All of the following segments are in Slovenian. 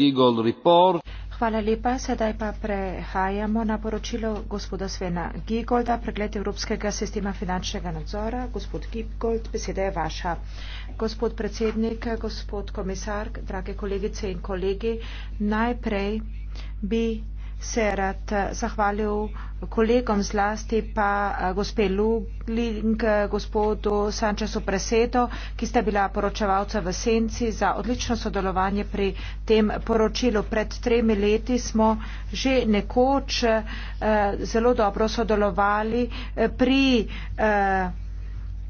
Eagle Report. Hvala lepa. Sedaj pa prehajamo na poročilo gospoda Svena Gigolda, pregled Evropskega sistema finančnega nadzora. Gospod Gigold, beseda je vaša. Gospod predsednik, gospod komisar, drage kolegice in kolegi, najprej bi se rad zahvalil kolegom zlasti pa eh, gospe lulling gospodu sanchezu presedo ki sta bila poročevalca v senci za odlično sodelovanje pri tem poročilu. pred tremi leti smo že nekoč eh, zelo dobro sodelovali eh, pri eh,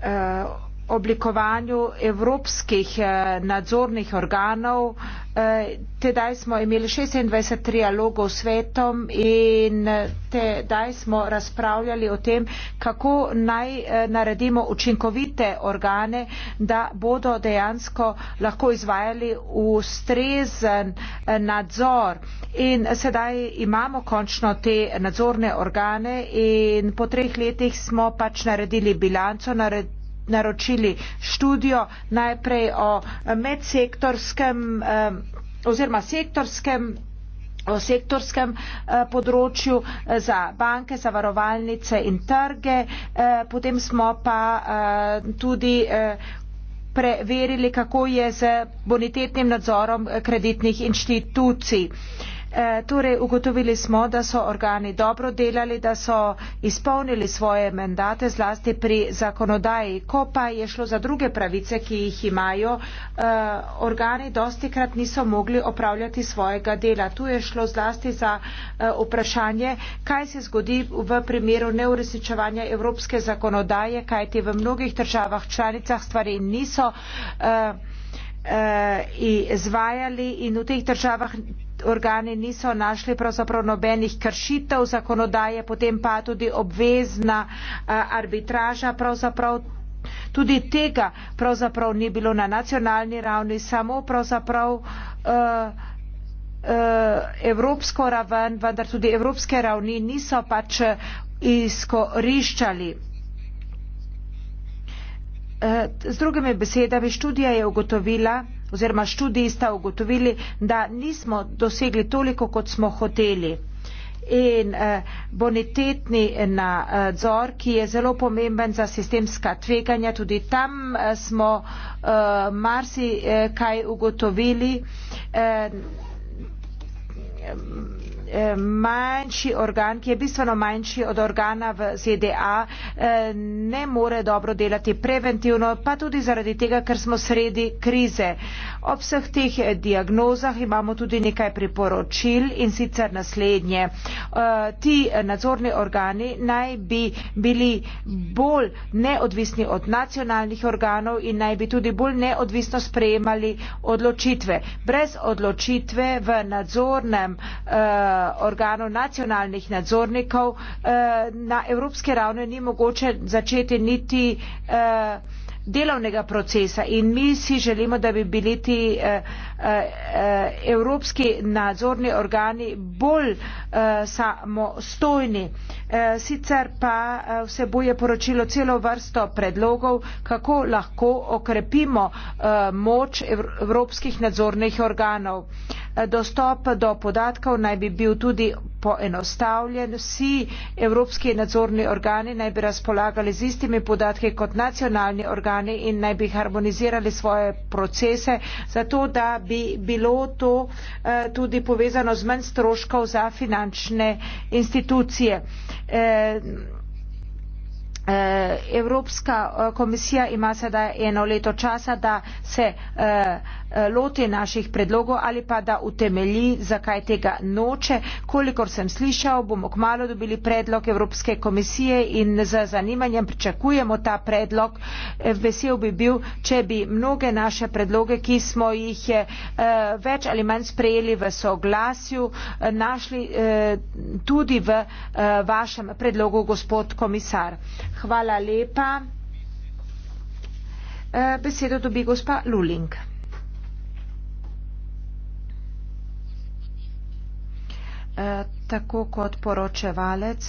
eh, oblikovanju evropskih eh, nadzornih organov. Eh, tedaj smo imeli 26 trialogov s svetom in eh, tedaj smo razpravljali o tem, kako naj naredimo učinkovite organe, da bodo dejansko lahko izvajali ustrezen nadzor. In sedaj imamo končno te nadzorne organe in po treh letih smo pač naredili bilanco, naredili naročili študijo najprej o medsektorskem oziroma sektorskem o sektorskem eh, področju eh, za banke, zavarovalnice in trge. Eh, potem smo pa eh, tudi eh, preverili, kako je z bonitetnim nadzorom eh, kreditnih inštitucij. Eh, E, torej ugotovili smo da so organi dobro delali da so izpolnili svoje mandate zlasti pri zakonodaji ko pa je šlo za druge pravice ki jih imajo e, organi dostikrat niso mogli opravljati svojega dela tu je šlo zlasti za e, vprašanje kaj se zgodi v primeru neuresničevanja evropske zakonodaje kajti v mnogih državah članicah stvari niso izvajali in v teh državah organi niso našli pravzaprav nobenih kršitev zakonodaje, potem pa tudi obvezna eh, arbitraža pravzaprav. Tudi tega pravzaprav ni bilo na nacionalni ravni, samo pravzaprav eh, eh, evropsko raven, vendar tudi evropske ravni niso pač izkoriščali. Z drugimi besedami študija je ugotovila, oziroma študiji sta ugotovili, da nismo dosegli toliko, kot smo hoteli. In eh, bonitetni nadzor, ki je zelo pomemben za sistemska tveganja, tudi tam eh, smo eh, marsikaj eh, ugotovili. Eh, Eh, manjši organ, ki je bistveno manjši od organa v ZDA, eh, ne more dobro delati preventivno, pa tudi zaradi tega, ker smo sredi krize. Ob vseh teh diagnozah imamo tudi nekaj priporočil in sicer naslednje. Eh, ti nadzorni organi naj bi bili bolj neodvisni od nacionalnih organov in naj bi tudi bolj neodvisno sprejemali odločitve. Brez odločitve v nadzornem uh, Eh, organov nacionalnih nadzornikov eh, na evropske ravni ni mogoče začeti niti uh, delovnega procesa in mi si želimo, da bi bili ti eh, eh, eh, evropski nadzorni organi bolj samostojni. Sicer pa vsebuje poročilo celo vrsto predlogov, kako lahko okrepimo moč evropskih nadzornih organov. Dostop do podatkov naj bi bil tudi poenostavljen. Vsi evropski nadzorni organi naj bi razpolagali z istimi podatki kot nacionalni organi strani in naj bi harmonizirali svoje procese, zato da bi bilo to eh, tudi povezano z manj stroškov za finančne institucije. Eh, eh, Evropska komisija ima sedaj eno leto časa, da se eh, Eh, loti naših predlogov ali pa da utemelji, zakaj tega noče. Kolikor sem slišal, bomo kmalo dobili predlog Evropske komisije in z zanimanjem pričakujemo ta predlog. Eh, vesel bi bil, če bi mnoge naše predloge, ki smo jih eh, več ali manj sprejeli v soglasju, našli tudi v vašem predlogu, gospod komisar. Hvala lepa. Besedo dobi gospa Luling. Eh, tako kot poročevalec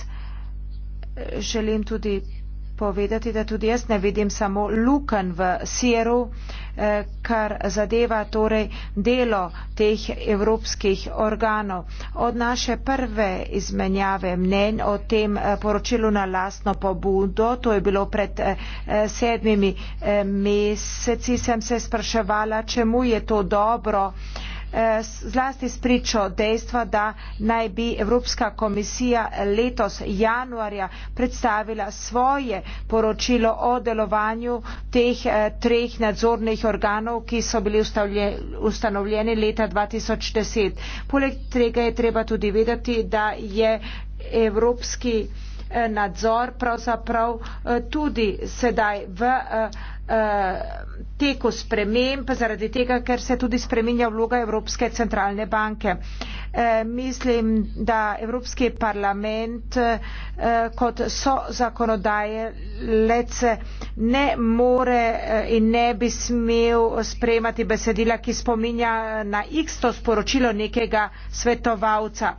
želim tudi povedati, da tudi jaz ne vidim samo lukan v siru, eh, kar zadeva torej delo teh evropskih organov. Od naše prve izmenjave mnen o tem eh, poročilu na lastno pobudo, to je bilo pred sedmimi meseci, sem se spraševala, čemu je to dobro Eh, zlasti spričo dejstva, da naj bi Evropska komisija letos januarja predstavila svoje poročilo o delovanju teh eh, treh nadzornih organov, ki so bili ustanovljeni leta 2010. Poleg tega je treba tudi vedeti, da je Evropski nadzor pravzaprav eh, tudi sedaj v eh, eh, teku sprememb, zaradi tega, ker se tudi spreminja vloga Evropske centralne banke. Mislim, da Evropski parlament kot so zakonodaje lece ne more in ne bi smel sprejemati besedila, ki spominja na isto sporočilo nekega svetovalca.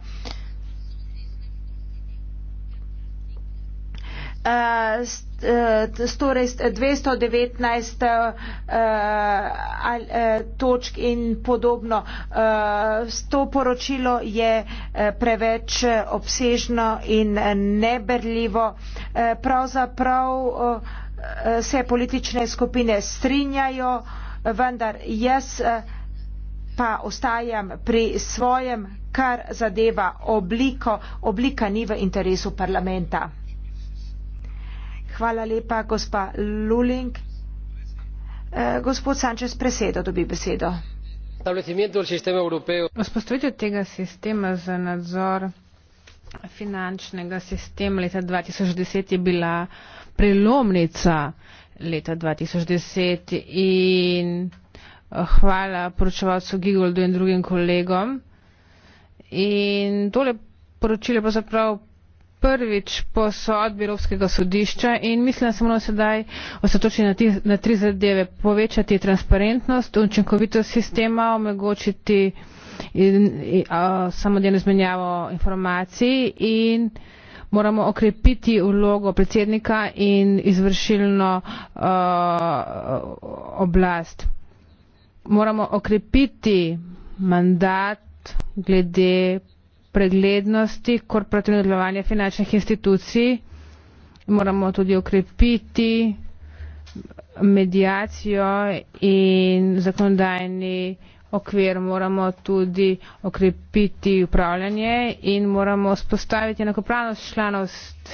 Eh, eh, torej 219 uh, eh, al, uh, točk in podobno. Uh, to poročilo je preveč obsežno in neberljivo. Uh, pravzaprav uh, se politične skupine strinjajo, vendar jaz uh, pa ostajam pri svojem, kar zadeva obliko. Oblika ni v interesu parlamenta. Hvala lepa, gospa Luling. Eh, gospod Sanchez, presedo dobi besedo. Vzpostavitev tega sistema za nadzor finančnega sistema leta 2010 je bila prelomnica leta 2010 in eh, hvala poročevalcu Gigoldu in drugim kolegom. In tole poročilo je pravzaprav prvič po sodbi Evropskega sodišča in mislim, da se moramo sedaj osredotočiti na, na tri zadeve. Povečati transparentnost, učinkovitost sistema, omogočiti samodejno izmenjavo informacij in moramo okrepiti vlogo predsednika in izvršilno uh, oblast. Moramo okrepiti mandat glede preglednosti, korporativno delovanje finančnih institucij, moramo tudi okrepiti medijacijo in zakonodajni okvir, moramo tudi okrepiti upravljanje in moramo spostaviti enakopravnost članov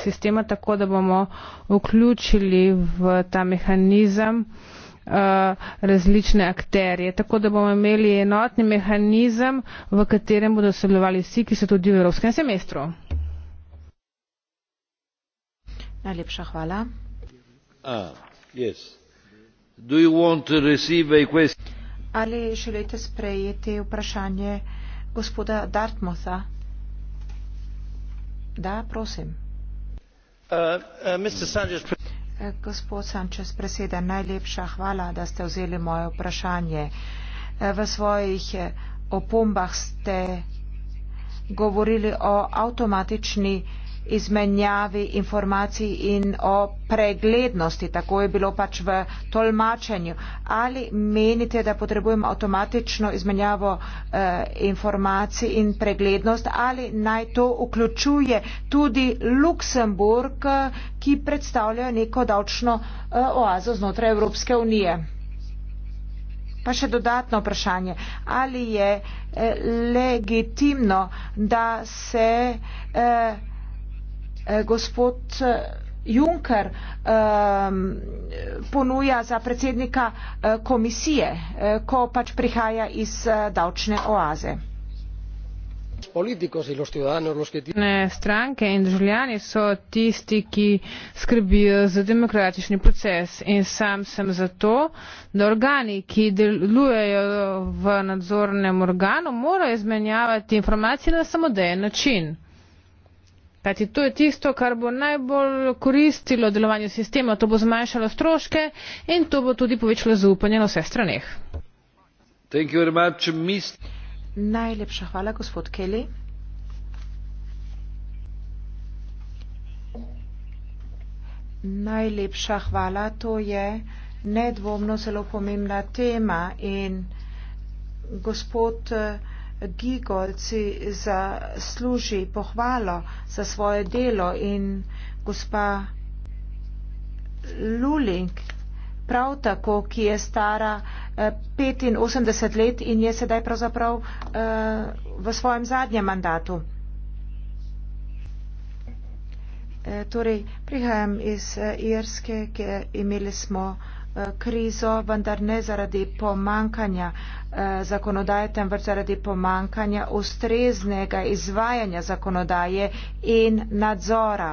sistema tako, da bomo vključili v ta mehanizem Eh, različne akterje. Tako da bomo imeli enotni mehanizem, v katerem bodo sodelovali vsi, ki so tudi v evropskem semestru. Najlepša hvala. Ah, yes. Do you want to receive a question? Ali želite sprejeti vprašanje gospoda Dartmosa? Da, prosim. Uh, uh, Mr. Sanders, Gospod Sančes, preseda, najlepša hvala, da ste vzeli moje vprašanje. V svojih eh, opombah ste govorili o avtomatični izmenjavi informacij in o preglednosti, tako je bilo pač v tolmačenju. Ali menite, da potrebujemo avtomatično izmenjavo eh, informacij in preglednost ali naj to vključuje tudi Luksemburg, ki predstavlja neko davčno eh, oazo znotraj Evropske unije? Pa še dodatno vprašanje. Ali je eh, legitimno, da se eh, Eh, gospod eh, Juncker ehm, ponuja za predsednika eh, komisije, ko pač prihaja iz davčne oaze. Stranke in državljani so tisti, ki skrbijo za demokratični proces in sam sem zato, da organi, ki delujejo v nadzornem organu, morajo izmenjavati informacije na samodejen način. Kajti to je tisto, kar bo najbolj koristilo delovanju sistema, to bo zmanjšalo stroške in to bo tudi povečalo zaupanje na vseh straneh. Najlepša hvala, gospod Kelly. Najlepša hvala, to je nedvomno zelo pomembna tema in gospod. Uh, gigolci zasluži pohvalo za svoje delo in gospa Luling prav tako, ki je stara 85 eh, let in je sedaj pravzaprav eh, v svojem zadnjem mandatu. Eh, torej, prihajam iz Irske, kjer imeli smo Eh, krizo, vendar ne zaradi pomankanja eh, zakonodaje, temveč zaradi pomankanja ustreznega izvajanja zakonodaje in nadzora.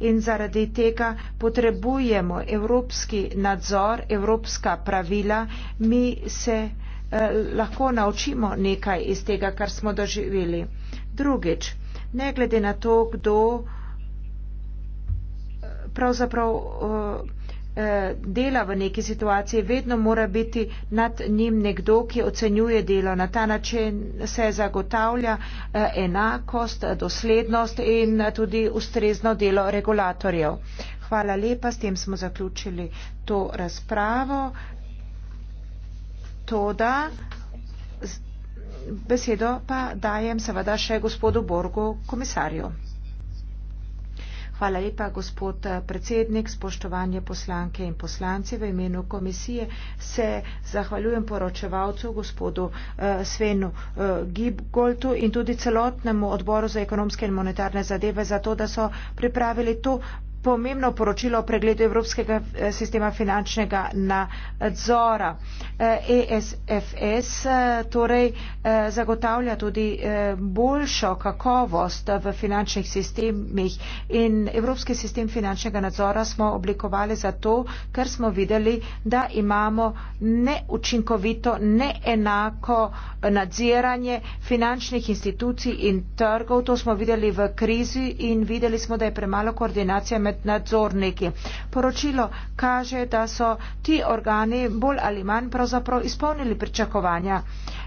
In zaradi tega potrebujemo evropski nadzor, evropska pravila, mi se eh, lahko naučimo nekaj iz tega, kar smo doživeli. Drugič, ne glede na to, kdo pravzaprav uh, Eh, dela v neki situaciji, vedno mora biti nad njim nekdo, ki ocenjuje delo. Na ta način se zagotavlja eh, enakost, doslednost in tudi ustrezno delo regulatorjev. Hvala lepa, s tem smo zaključili to razpravo. Toda besedo pa dajem seveda še gospodu Borgu, komisarju. Hvala lepa, gospod eh, predsednik. Spoštovanje poslanke in poslanci v imenu komisije se zahvaljujem poročevalcu, gospodu eh, Svenu eh, Gibgoltu in tudi celotnemu odboru za ekonomske in monetarne zadeve za to, da so pripravili to pomembno poročilo o pregledu Evropskega eh, sistema finančnega nadzora. ESFS eh, e eh, torej zagotavlja tudi boljšo kakovost v finančnih sistemih in Evropski sistem finančnega nadzora smo oblikovali zato, ker smo videli, da imamo neučinkovito, neenako nadziranje finančnih institucij in trgov. To smo videli v krizi in videli smo, da je premalo koordinacija med med nadzorniki. Poročilo kaže, da so ti organi bolj ali manj pravzaprav izpolnili pričakovanja.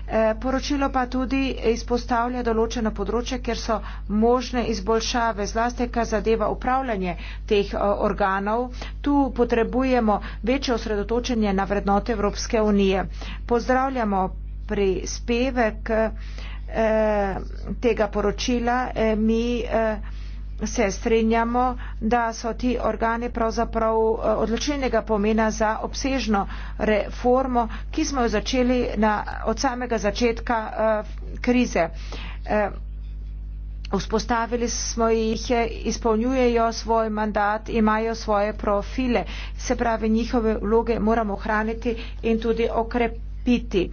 Eh, poročilo pa tudi izpostavlja določeno področje, kjer so možne izboljšave, zlasti, kar zadeva upravljanje teh eh, organov. Tu potrebujemo večje osredotočenje na vrednote Evropske unije. Pozdravljamo prispevek eh, tega poročila. Eh, mi, eh, se strinjamo, da so ti organi pravzaprav eh, odločilnega pomena za obsežno reformo, ki smo jo začeli na, od samega začetka uh, krize. Uh, Vzpostavili smo jih, izpolnjujejo svoj mandat, imajo svoje profile, se pravi, njihove vloge moramo ohraniti in tudi okrepiti biti. E,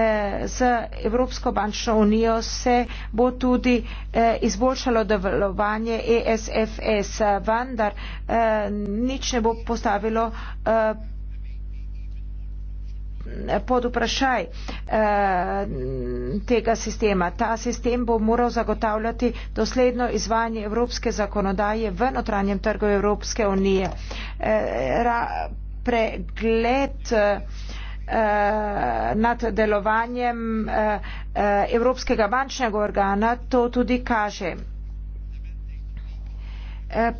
eh, z Evropsko bančno unijo se bo tudi e, izboljšalo delovanje ESFS, vendar e, nič ne bo postavilo e, pod vprašaj e, tega sistema. Ta sistem bo moral zagotavljati dosledno izvajanje evropske zakonodaje v notranjem trgu Evropske unije. E, ra, pregled e, Eh, nad delovanjem eh, eh, Evropskega bančnega organa to tudi kaže.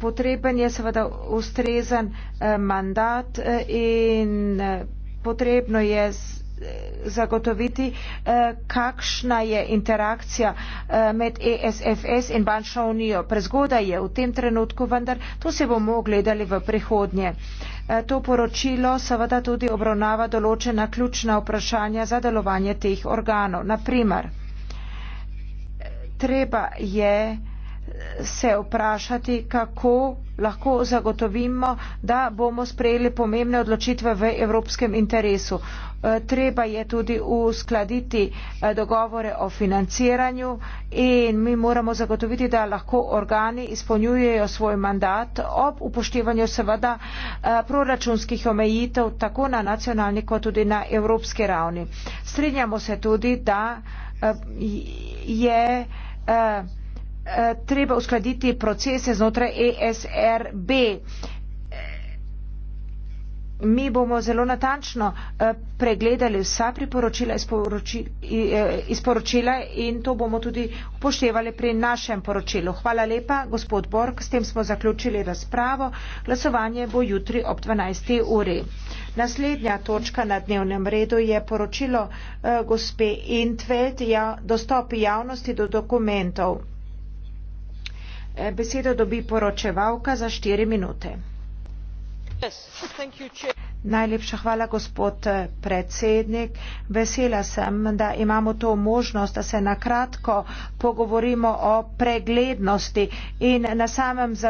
Potreben je seveda ustrezen mandat in potrebno je zagotoviti, kakšna je interakcija med ESFS in bančno unijo. Prezgoda je v tem trenutku, vendar to se bomo gledali v prihodnje. E, to poročilo seveda tudi obravnava določena ključna vprašanja za delovanje teh organov. Naprimer, treba je se vprašati, kako lahko zagotovimo, da bomo sprejeli pomembne odločitve v evropskem interesu. E, treba je tudi uskladiti e, dogovore o financiranju in mi moramo zagotoviti, da lahko organi izpolnjujejo svoj mandat ob upoštevanju seveda e, proračunskih omejitev tako na nacionalni kot tudi na evropski ravni. Strinjamo se tudi, da je treba uskladiti procese znotraj ESRB. Mi bomo zelo natančno eh, pregledali vsa priporočila eh, iz poročila in to bomo tudi upoštevali pri našem poročilu. Hvala lepa, gospod Borg. S tem smo zaključili razpravo. Glasovanje bo jutri ob 12. uri. Naslednja točka na dnevnem redu je poročilo eh, gospe Intvet, ja, dostop javnosti do dokumentov. Eh, besedo dobi poročevalka za štiri minute. Najlepša hvala, gospod eh, predsednik. Vesela sem, da imamo to možnost, da se na kratko pogovorimo o preglednosti in na samem začetku.